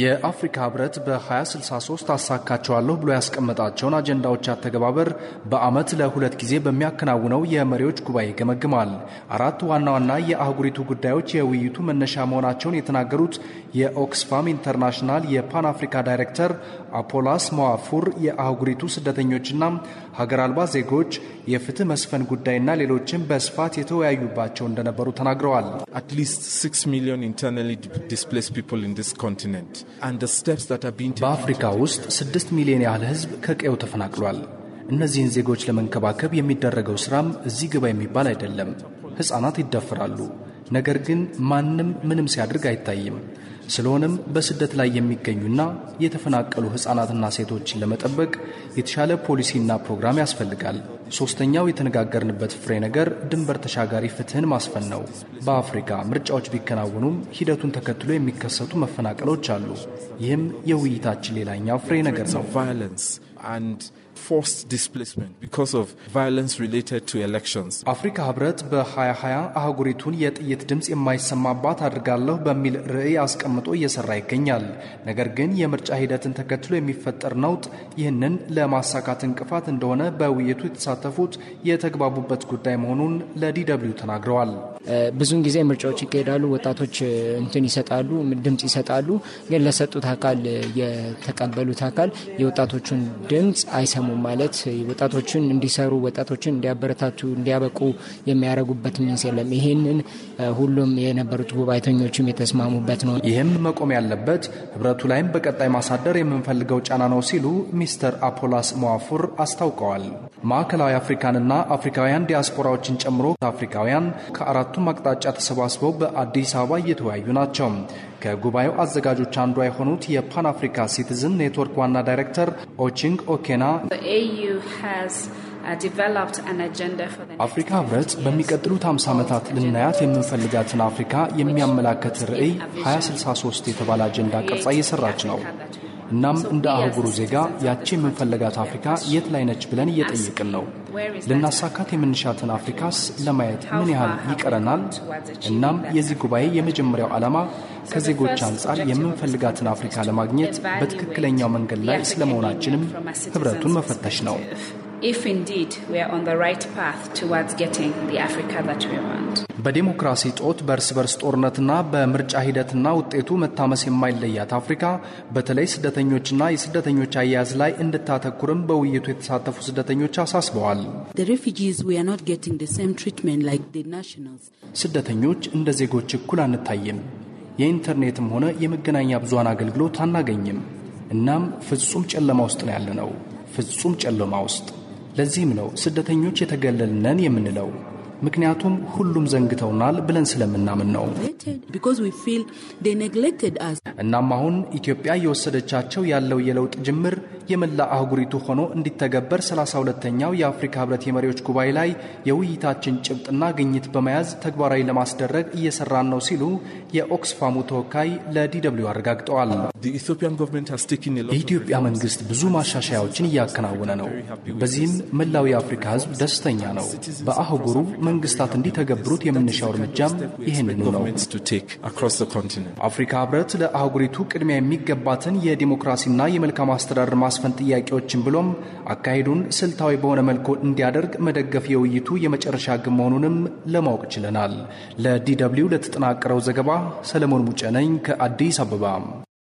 የአፍሪካ ህብረት በ2063 አሳካቸዋለሁ ብሎ ያስቀመጣቸውን አጀንዳዎች አተገባበር በዓመት ለሁለት ጊዜ በሚያከናውነው የመሪዎች ጉባኤ ይገመግማል። አራት ዋና ዋና የአህጉሪቱ ጉዳዮች የውይይቱ መነሻ መሆናቸውን የተናገሩት የኦክስፋም ኢንተርናሽናል የፓን አፍሪካ ዳይሬክተር አፖላስ መዋፉር የአህጉሪቱ ስደተኞችና ሀገር አልባ ዜጎች፣ የፍትህ መስፈን ጉዳይና ሌሎችም በስፋት የተወያዩባቸው እንደነበሩ ተናግረዋል። በአፍሪካ ውስጥ ስድስት ሚሊዮን ያህል ህዝብ ከቀየው ተፈናቅሏል። እነዚህን ዜጎች ለመንከባከብ የሚደረገው ስራም እዚህ ግባ የሚባል አይደለም። ሕፃናት ይደፍራሉ፣ ነገር ግን ማንም ምንም ሲያደርግ አይታይም። ስለሆነም በስደት ላይ የሚገኙና የተፈናቀሉ ሕፃናትና ሴቶችን ለመጠበቅ የተሻለ ፖሊሲና ፕሮግራም ያስፈልጋል። ሶስተኛው የተነጋገርንበት ፍሬ ነገር ድንበር ተሻጋሪ ፍትህን ማስፈን ነው። በአፍሪካ ምርጫዎች ቢከናወኑም ሂደቱን ተከትሎ የሚከሰቱ መፈናቀሎች አሉ። ይህም የውይይታችን ሌላኛው ፍሬ ነገር ነው። አፍሪካ ህብረት በ2020 አህጉሪቱን የጥይት ድምፅ የማይሰማባት አድርጋለሁ በሚል ርዕይ አስቀምጦ እየሰራ ይገኛል። ነገር ግን የምርጫ ሂደትን ተከትሎ የሚፈጠር ነውጥ ይህንን ለማሳካት እንቅፋት እንደሆነ በውይይቱ የተሳተፉት የተግባቡበት ጉዳይ መሆኑን ለዲደብሊው ተናግረዋል። ብዙን ጊዜ ምርጫዎች ይካሄዳሉ፣ ወጣቶች እንትን ይሰጣሉ፣ ድምፅ ይሰጣሉ። ግን ለሰጡት አካል የተቀበሉት አካል የወጣቶቹን ድምፅ አይሰሙም ማለት ወጣቶችን እንዲሰሩ ወጣቶችን እንዲያበረታቱ እንዲያበቁ የሚያደርጉበት ምንስ የለም። ይህንን ሁሉም የነበሩት ጉባኤተኞችም የተስማሙበት ነው። ይህም መቆም ያለበት ህብረቱ ላይም በቀጣይ ማሳደር የምንፈልገው ጫና ነው ሲሉ ሚስተር አፖላስ መዋፉር አስታውቀዋል። ማዕከላዊ አፍሪካንና አፍሪካውያን ዲያስፖራዎችን ጨምሮ አፍሪካውያን ከአራቱም አቅጣጫ ተሰባስበው በአዲስ አበባ እየተወያዩ ናቸው። ከጉባኤው አዘጋጆች አንዷ የሆኑት የፓን አፍሪካ ሲቲዝን ኔትወርክ ዋና ዳይሬክተር ኦቺንግ ኦኬና uh, አፍሪካ ህብረት በሚቀጥሉት 50 ዓመታት ልናያት የምንፈልጋትን አፍሪካ የሚያመላከት ርዕይ 2063 የተባለ አጀንዳ ቅርጻ እየሰራች ነው። እናም እንደ አህጉሩ ዜጋ ያቺ የምንፈለጋት አፍሪካ የት ላይ ነች ብለን እየጠየቅን ነው። ልናሳካት የምንሻትን አፍሪካስ ለማየት ምን ያህል ይቀረናል? እናም የዚህ ጉባኤ የመጀመሪያው ዓላማ ከዜጎች አንጻር የምንፈልጋትን አፍሪካ ለማግኘት በትክክለኛው መንገድ ላይ ስለመሆናችንም ህብረቱን መፈተሽ ነው። if indeed we are on the right path towards getting the Africa that we want. በዲሞክራሲ ጦት በእርስ በርስ ጦርነትና በምርጫ ሂደትና ውጤቱ መታመስ የማይለያት አፍሪካ በተለይ ስደተኞችና የስደተኞች አያያዝ ላይ እንድታተኩርም በውይይቱ የተሳተፉ ስደተኞች አሳስበዋል። ስደተኞች እንደ ዜጎች እኩል አንታይም። የኢንተርኔትም ሆነ የመገናኛ ብዙሃን አገልግሎት አናገኝም። እናም ፍጹም ጨለማ ውስጥ ነው ያለነው። ፍጹም ጨለማ ውስጥ ለዚህም ነው ስደተኞች የተገለልነን የምንለው። ምክንያቱም ሁሉም ዘንግተውናል ብለን ስለምናምን ነው። እናም አሁን ኢትዮጵያ እየወሰደቻቸው ያለው የለውጥ ጅምር የመላ አህጉሪቱ ሆኖ እንዲተገበር 32ኛው የአፍሪካ ህብረት የመሪዎች ጉባኤ ላይ የውይይታችን ጭብጥና ግኝት በመያዝ ተግባራዊ ለማስደረግ እየሰራን ነው ሲሉ የኦክስፋሙ ተወካይ ለዲደብሊው አረጋግጠዋል። የኢትዮጵያ መንግስት ብዙ ማሻሻያዎችን እያከናወነ ነው። በዚህም መላው የአፍሪካ ህዝብ ደስተኛ ነው። በአህጉሩ መንግስታት እንዲተገብሩት የምንሻው እርምጃም ይህንኑ ነው። አፍሪካ ህብረት ለአህጉሪቱ ቅድሚያ የሚገባትን የዲሞክራሲና የመልካም አስተዳደር ማስ የማስፈን ጥያቄዎችን ብሎም አካሄዱን ስልታዊ በሆነ መልኩ እንዲያደርግ መደገፍ የውይይቱ የመጨረሻ ግብ መሆኑንም ለማወቅ ችለናል። ለዲ ደብልዩ ለተጠናቀረው ዘገባ ሰለሞን ሙጨነኝ ከአዲስ አበባ